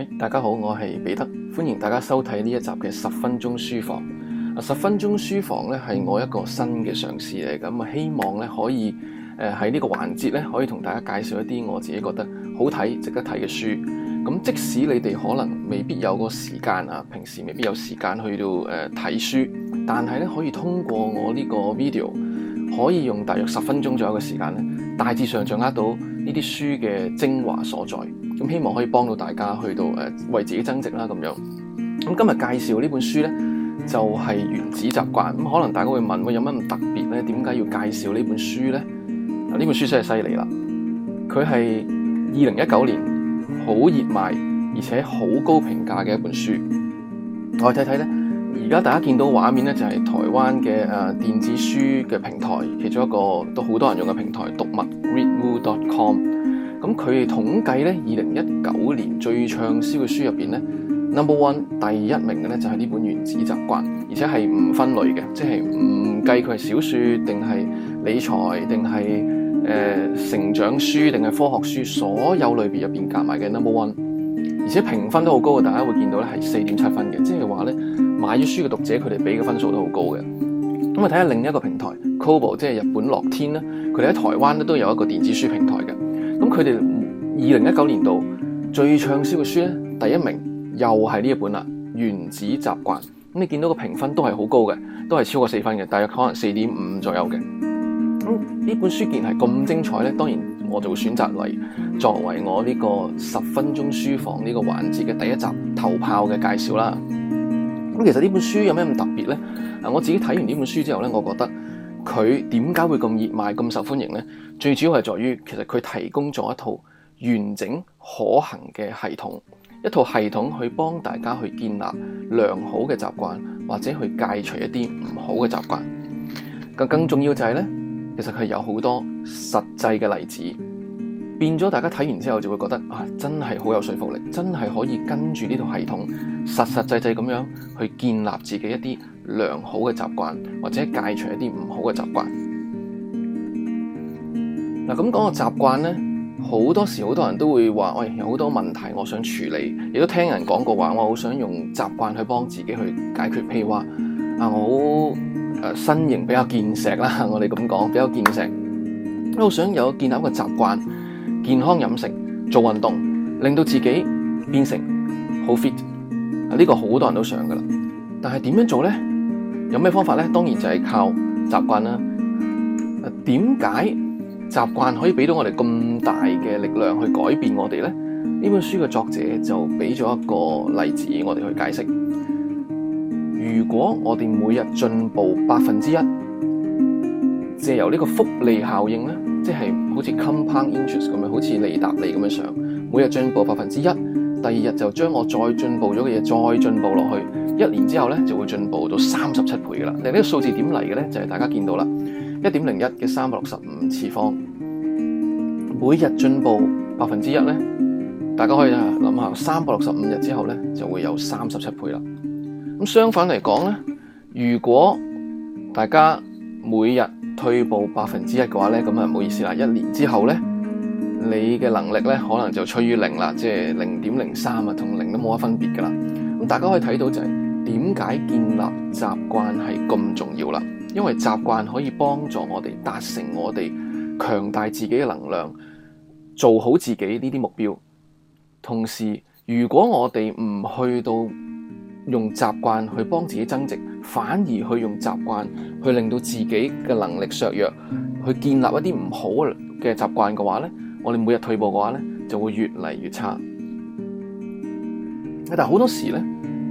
Hey, 大家好，我係彼得，歡迎大家收睇呢一集嘅十分鐘書房。啊，十分鐘書房咧係我一個新嘅嘗試嚟，咁啊希望呢可以誒喺呢個環節呢可以同大家介紹一啲我自己覺得好睇、值得睇嘅書。咁即使你哋可能未必有個時間啊，平時未必有時間去到誒睇、呃、書，但係呢，可以通過我呢個 video，可以用大約十分鐘左右嘅時間呢，大致上掌握到呢啲書嘅精華所在。咁希望可以幫到大家去到誒為自己增值啦咁樣。咁今日介紹呢本書咧，就係原子習慣。咁可能大家會問，我有乜咁特別咧？點解要介紹呢本書咧？嗱，呢本書真係犀利啦！佢係二零一九年好熱賣而且好高評價嘅一本書。我哋睇睇咧，而家大家見到畫面咧，就係台灣嘅誒電子書嘅平台，其中一個都好多人用嘅平台，讀物 Readmoo.com。Readmoo.com。咁佢哋統計咧，二零一九年最暢銷嘅書入邊咧，number one 第一名嘅咧就係呢本《原子習慣》，而且係唔分類嘅，即係唔計佢係小説定係理財定係、呃、成長書定係科學書，所有類別入邊夾埋嘅 number one，而且評分都好高嘅，大家會見到咧係四點七分嘅，即係話咧買咗書嘅讀者佢哋俾嘅分數都好高嘅。咁啊睇下另一個平台 Kobo，即係日本樂天啦，佢哋喺台灣咧都有一個電子書平台嘅。咁佢哋二零一九年度最暢銷嘅書咧，第一名又係呢一本啦，《原子習慣》。咁你見到個評分都係好高嘅，都係超過四分嘅，大約可能四點五左右嘅。咁呢本書既然係咁精彩咧，當然我就會選擇嚟作為我呢個十分鐘書房呢個環節嘅第一集頭炮嘅介紹啦。咁其實呢本書有咩咁特別咧？啊，我自己睇完呢本書之後咧，我覺得。佢點解會咁熱賣咁受歡迎呢？最主要係在於，其實佢提供咗一套完整可行嘅系統，一套系統去幫大家去建立良好嘅習慣，或者去戒除一啲唔好嘅習慣。更更重要就係呢，其實佢有好多實際嘅例子。變咗，大家睇完之後就會覺得啊，真係好有說服力，真係可以跟住呢套系統實實際際咁樣去建立自己一啲良好嘅習慣，或者戒除一啲唔好嘅習慣。嗱、啊，咁講個習慣咧，好多時好多人都會話，喂、哎，有好多問題，我想處理。亦都聽人講過的話，我好想用習慣去幫自己去解決。譬如話啊，我誒身形比較健碩啦，我哋咁講比較健碩，都好想有建立一個習慣。健康飲食、做運動，令到自己變成好 fit，呢、啊這個好多人都想噶啦。但係點樣做咧？有咩方法咧？當然就係靠習慣啦。啊，點解習慣可以俾到我哋咁大嘅力量去改變我哋咧？呢本書嘅作者就俾咗一個例子，我哋去解釋。如果我哋每日進步百分之一，借由呢個複利效應咧，即係。好似 compound interest 咁樣，好似利搭利咁樣上，每日進步百分之一，第二日就將我再進步咗嘅嘢，再進步落去，一年之後咧就會進步到三十七倍噶啦。你呢個數字點嚟嘅咧，就係大家見到啦，一點零一嘅三百六十五次方，每日進步百分之一咧，大家可以諗下三百六十五日之後咧就會有三十七倍啦。咁相反嚟講咧，如果大家每日退步百分之一嘅話呢，咁啊唔好意思啦，一年之後呢，你嘅能力呢，可能就趨於零啦，即係零點零三啊，同零都冇乜分別噶啦。咁大家可以睇到就係點解建立習慣係咁重要啦？因為習慣可以幫助我哋達成我哋強大自己嘅能量，做好自己呢啲目標。同時，如果我哋唔去到用習慣去幫自己增值。反而去用習慣去令到自己嘅能力削弱，去建立一啲唔好嘅習慣嘅話呢，我哋每日退步嘅話呢，就會越嚟越差。但好多時呢，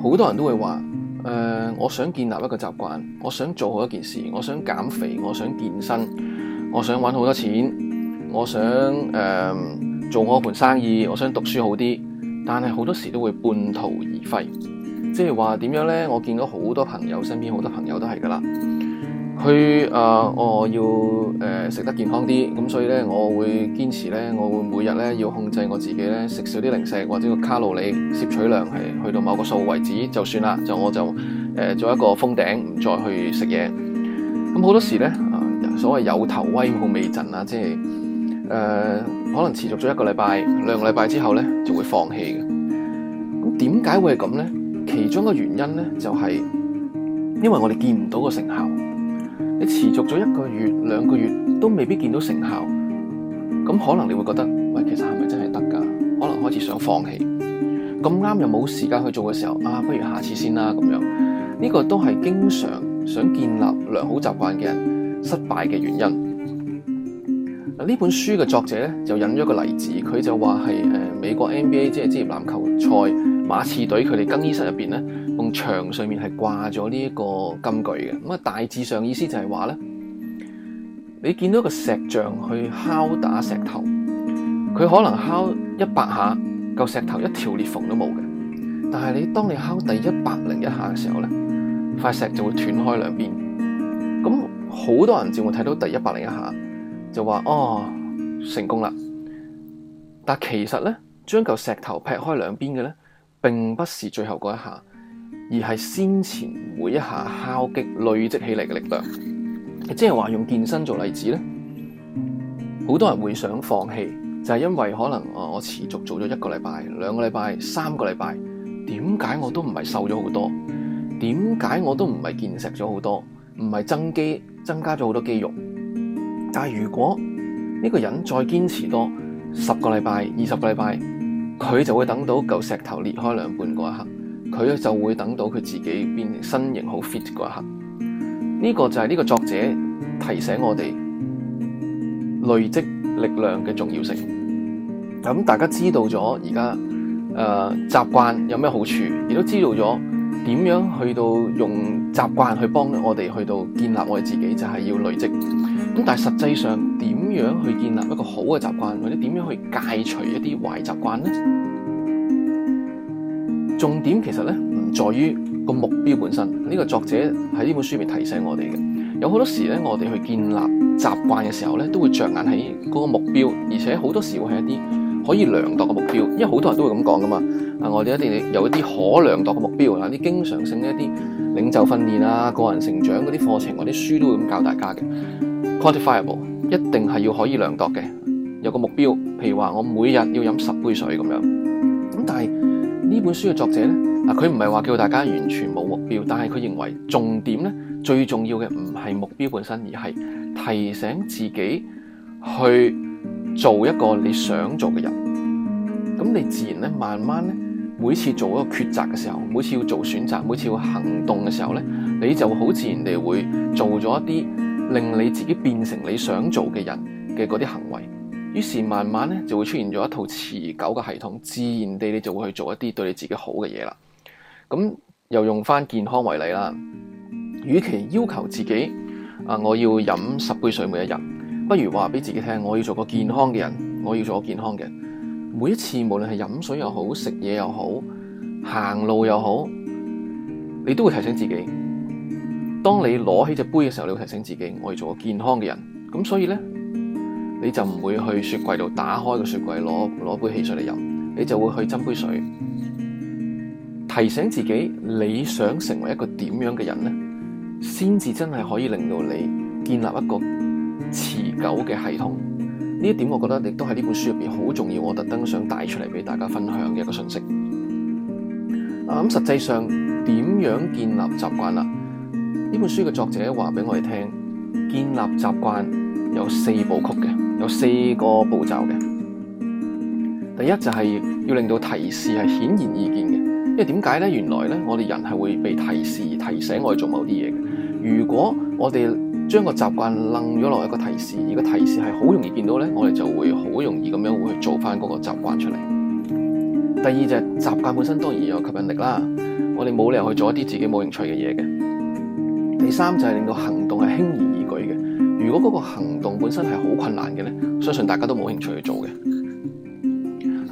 好多人都會話：誒、呃，我想建立一個習慣，我想做好一件事，我想減肥，我想健身，我想揾好多錢，我想誒、呃，做我盤生意，我想讀書好啲。但係好多時都會半途而廢。即係話點樣咧？我見到好多朋友，身邊好多朋友都係噶啦，佢，誒、呃，我要誒食、呃、得健康啲，咁所以咧，我會堅持咧，我會每日咧要控制我自己咧食少啲零食，或者個卡路里攝取量係去到某個數為止就算啦，就我就誒、呃、做一個封頂，唔再去食嘢。咁好多時咧，啊、呃，所謂有頭威冇尾陣啦，即係誒、呃、可能持續咗一個禮拜、兩個禮拜之後咧就會放棄嘅。咁點解會係咁咧？其中嘅原因咧，就係因為我哋見唔到個成效，你持續咗一個月、兩個月都未必見到成效，咁可能你會覺得，喂，其實係咪真係得噶？可能開始想放棄，咁啱又冇時間去做嘅時候，啊，不如下次先啦咁樣。呢個都係經常想建立良好習慣嘅人失敗嘅原因。嗱，呢本書嘅作者咧就引咗一個例子，佢就話係誒美國 NBA 即係職業籃球賽。馬刺隊佢哋更衣室入面咧，用牆上面係掛咗呢一個金句嘅。咁啊，大致上意思就係話咧，你見到一個石像去敲打石頭，佢可能敲一百下，嚿石頭一條裂縫都冇嘅。但係你當你敲第一百零一下嘅時候咧，塊石就會斷開兩邊。咁好多人淨係睇到第一百零一下，就話哦，成功啦。但其實咧，將嚿石頭劈開兩邊嘅咧。並不是最後嗰一下，而係先前每一下敲擊累積起嚟嘅力量。即係話，用健身做例子呢，好多人會想放棄，就係因為可能我持續做咗一個禮拜、兩個禮拜、三個禮拜，點解我都唔係瘦咗好多？點解我都唔係健碩咗好多？唔係增肌增加咗好多肌肉？但如果呢個人再堅持多十個禮拜、二十個禮拜。佢就會等到嚿石頭裂開兩半嗰一刻，佢就會等到佢自己變成身形好 fit 嗰一刻。呢個就係呢個作者提醒我哋累積力量嘅重要性。咁大家知道咗而家，誒習慣有咩好處，亦都知道咗點樣去到用習慣去幫我哋去到建立我哋自己，就係要累積。咁但係實際上點樣去建立一個好嘅習慣，或者點樣去戒除一啲壞習慣呢？重點其實咧唔在於個目標本身。呢個作者喺呢本書面提醒我哋嘅，有好多時咧我哋去建立習慣嘅時候咧，都會着眼喺嗰個目標，而且好多時會係一啲可以量度嘅目標。因為好多人都會咁講噶嘛，啊我哋一定有一啲可量度嘅目標嗱，啲經常性嘅一啲領袖訓練啊、個人成長嗰啲課程或啲書都會咁教大家嘅。quantifiable 一定係要可以量度嘅，有個目標，譬如話我每日要飲十杯水咁樣。咁但係呢本書嘅作者呢，嗱佢唔係話叫大家完全冇目標，但係佢認為重點呢，最重要嘅唔係目標本身，而係提醒自己去做一個你想做嘅人。咁你自然呢，慢慢呢，每次做一個抉擇嘅時候，每次要做選擇，每次要行動嘅時候呢，你就好自然地會做咗一啲。令你自己變成你想做嘅人嘅嗰啲行為，於是慢慢咧就會出現咗一套持久嘅系統，自然地你就會去做一啲對你自己好嘅嘢啦。咁又用翻健康為例啦，與其要求自己啊，我要飲十杯水每一日，不如話俾自己聽我要做個健康嘅人，我要做個健康嘅人。每一次無論係飲水又好，食嘢又好，行路又好，你都會提醒自己。當你攞起隻杯嘅時候，你會提醒自己，我要做個健康嘅人。咁所以呢，你就唔會去雪櫃度打開個雪櫃攞攞杯汽水嚟飲，你就會去斟杯水，提醒自己你想成為一個點樣嘅人呢？先至真係可以令到你建立一個持久嘅系統。呢一點我覺得亦都喺呢本書入面好重要，我特登想帶出嚟俾大家分享嘅一個訊息。啊咁，實際上點樣建立習慣啊？呢本書嘅作者話俾我哋聽，建立習慣有四部曲嘅，有四個步驟嘅。第一就係要令到提示係顯然易見嘅，因為點解咧？原來咧，我哋人係會被提示而提醒我哋做某啲嘢嘅。如果我哋將個習慣掹咗落一個提示，而個提示係好容易見到咧，我哋就會好容易咁樣會去做翻嗰個習慣出嚟。第二就係習慣本身當然有吸引力啦，我哋冇理由去做一啲自己冇興趣嘅嘢嘅。第三就係令個行動係輕而易舉嘅，如果嗰個行動本身係好困難嘅咧，相信大家都冇興趣去做嘅。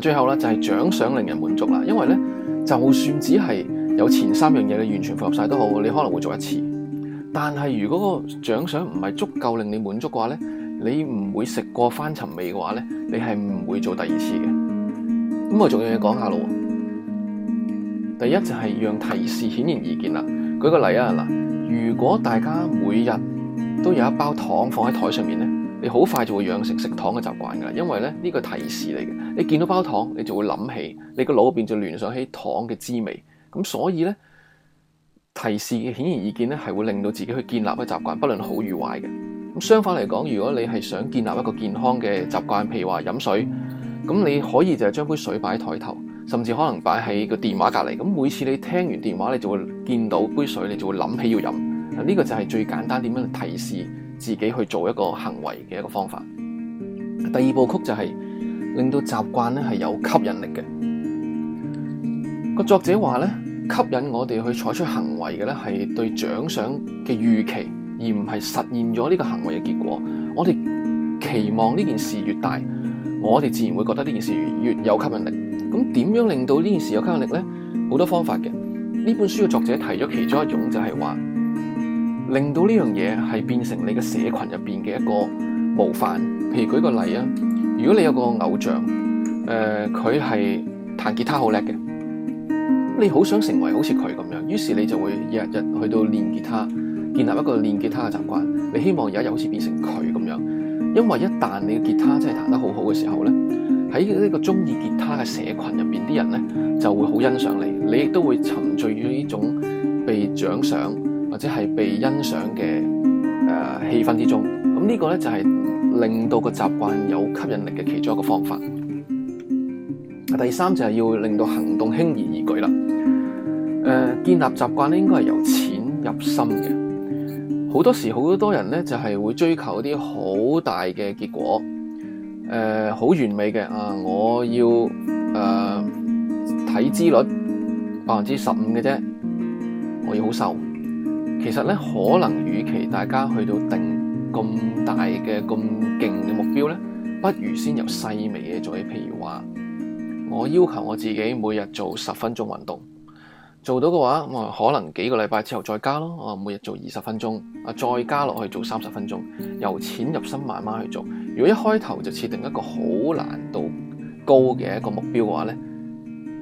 最後咧就係獎賞令人滿足啦，因為咧，就算只係有前三樣嘢你完全符合晒都好，你可能會做一次，但係如果個獎賞唔係足夠令你滿足嘅話咧，你唔會食過翻尋味嘅話咧，你係唔會做第二次嘅。咁我仲有嘢講下咯。第一就係讓提示顯而易見啦，舉個例啊嗱。如果大家每日都有一包糖放喺台上面，你好快就會養成食吃糖嘅習慣，因為呢，呢個提示嚟嘅，你見到包糖你就會諗起，你個腦入邊就聯想起糖嘅滋味，咁所以呢，提示嘅顯而易見呢，係會令到自己去建立一個習慣，不論好與壞嘅。相反嚟講，如果你係想建立一個健康嘅習慣，譬如話飲水，咁你可以就係將杯水擺喺台頭。甚至可能擺喺個電話隔籬，咁每次你聽完電話，你就會見到杯水，你就會諗起要飲。呢個就係最簡單點樣提示自己去做一個行為嘅一個方法。第二部曲就係令到習慣咧係有吸引力嘅。個作者話咧，吸引我哋去採取行為嘅咧係對獎賞嘅預期，而唔係實現咗呢個行為嘅結果。我哋期望呢件事越大，我哋自然會覺得呢件事越有吸引力。咁點樣令到呢件事有吸引力咧？好多方法嘅。呢本書嘅作者提咗其中一種就係話，令到呢樣嘢係變成你嘅社群入邊嘅一個模範。譬如舉個例啊，如果你有個偶像，誒佢係彈吉他好叻嘅，你好想成為好似佢咁樣，於是你就會日日去到練吉他，建立一個練吉他嘅習慣。你希望有一日好似變成佢咁樣，因為一旦你嘅吉他真係彈得好好嘅時候咧。喺呢個中意吉他嘅社群入邊，啲人咧就會好欣賞你，你亦都會沉醉於呢種被獎賞或者係被欣賞嘅誒氣氛之中。咁呢個咧就係令到個習慣有吸引力嘅其中一個方法。第三就係要令到行動輕而易舉啦。誒，建立習慣咧應該係由淺入深嘅。好多時好多人咧就係會追求啲好大嘅結果，誒、呃、好完美嘅啊、呃！我要誒、呃、體脂率百分之十五嘅啫，我要好瘦。其實咧，可能與其大家去到定咁大嘅咁勁嘅目標咧，不如先由細微嘢做起。譬如話，我要求我自己每日做十分鐘運動，做到嘅話，我可能幾個禮拜之後再加咯。我每日做二十分鐘，啊，再加落去做三十分鐘，由淺入深慢慢去做。如果一開頭就設定一個好難度高嘅一個目標嘅話呢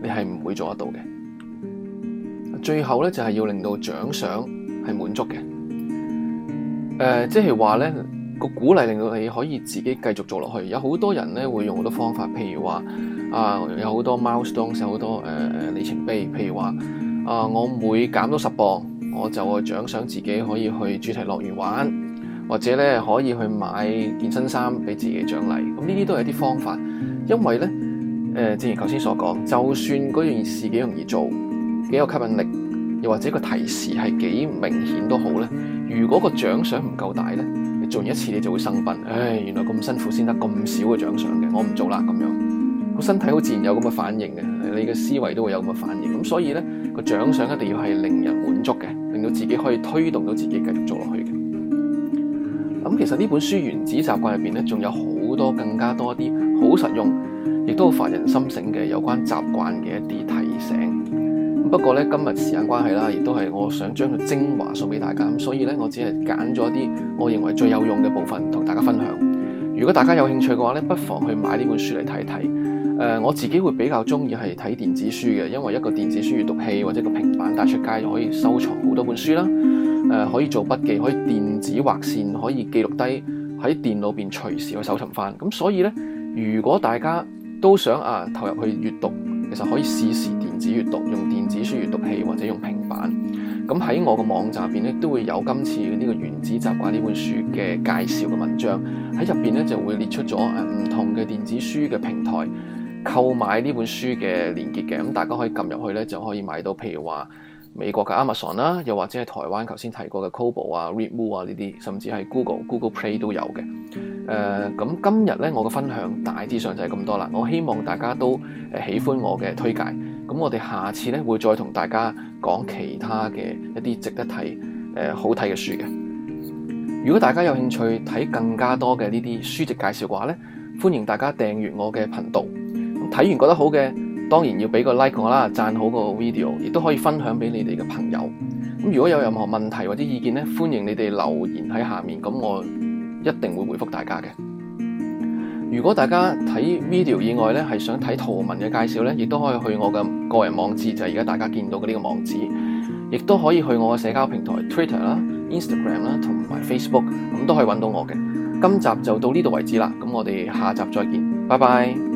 你係唔會做得到嘅。最後呢，就係、是、要令到獎賞係滿足嘅、呃。誒、就是，即係話呢個鼓勵令到你可以自己繼續做落去。有好多人呢，會用好多方法，譬如話啊有好多 milestone 有好多誒誒、呃、里程碑，譬如話啊我每減到十磅，我就會獎賞自己可以去主題樂園玩。或者咧可以去買健身衫俾自己獎勵，咁呢啲都係一啲方法。因為咧，誒、呃、正如頭先所講，就算嗰樣事幾容易做，幾有吸引力，又或者個提示係幾明顯都好咧。如果個獎賞唔夠大咧，你做一次你就會生憤，唉、哎，原來咁辛苦先得咁少嘅獎賞嘅，我唔做啦咁樣。個身體好自然有咁嘅反應嘅，你嘅思維都會有咁嘅反應。咁所以咧，個獎賞一定要係令人滿足嘅，令到自己可以推動到自己繼續做落去嘅。咁其實呢本書原子習慣入邊呢，仲有好多更加多啲好實用，亦都發人心醒嘅有關習慣嘅一啲提醒。不過呢，今日時間關係啦，亦都係我想將佢精華送俾大家。咁所以呢，我只係揀咗一啲我認為最有用嘅部分同大家分享。如果大家有興趣嘅話呢，不妨去買呢本書嚟睇睇。誒、呃，我自己會比較中意係睇電子書嘅，因為一個電子書閱讀器或者個平板帶出街，就可以收藏好多本書啦。誒、呃、可以做筆記，可以電子畫線，可以記錄低喺電腦邊隨時去搜尋翻。咁所以呢，如果大家都想啊投入去閱讀，其實可以試試電子閱讀，用電子書閱讀器或者用平板。咁喺我個網站入面呢，都會有今次呢個原子習慣呢本書嘅介紹嘅文章，喺入面呢，就會列出咗誒唔同嘅電子書嘅平台購買呢本書嘅連結嘅。咁大家可以撳入去呢，就可以買到，譬如話，美國嘅 Amazon 啦，又或者係台灣頭先提過嘅 Kobo 啊、Readmoo 啊呢啲，甚至係 Google、Google Play 都有嘅。誒、呃，咁今日呢，我嘅分享大致上就係咁多啦。我希望大家都喜歡我嘅推介。咁我哋下次呢，會再同大家講其他嘅一啲值得睇誒、呃、好睇嘅書嘅。如果大家有興趣睇更加多嘅呢啲書籍介紹嘅話呢，歡迎大家訂閱我嘅頻道。睇完覺得好嘅。當然要畀個 like 我啦，讚好個 video，亦都可以分享畀你哋嘅朋友。咁如果有任何問題或者意見咧，歡迎你哋留言喺下面，咁我一定會回覆大家嘅。如果大家睇 video 以外呢，係想睇圖文嘅介紹呢，亦都可以去我嘅個人網址，就係而家大家見到嘅呢個網址，亦都可以去我嘅社交平台 Twitter 啦、Instagram 啦同埋 Facebook，咁都可以揾到我嘅。今集就到呢度為止啦，咁我哋下集再見，拜拜。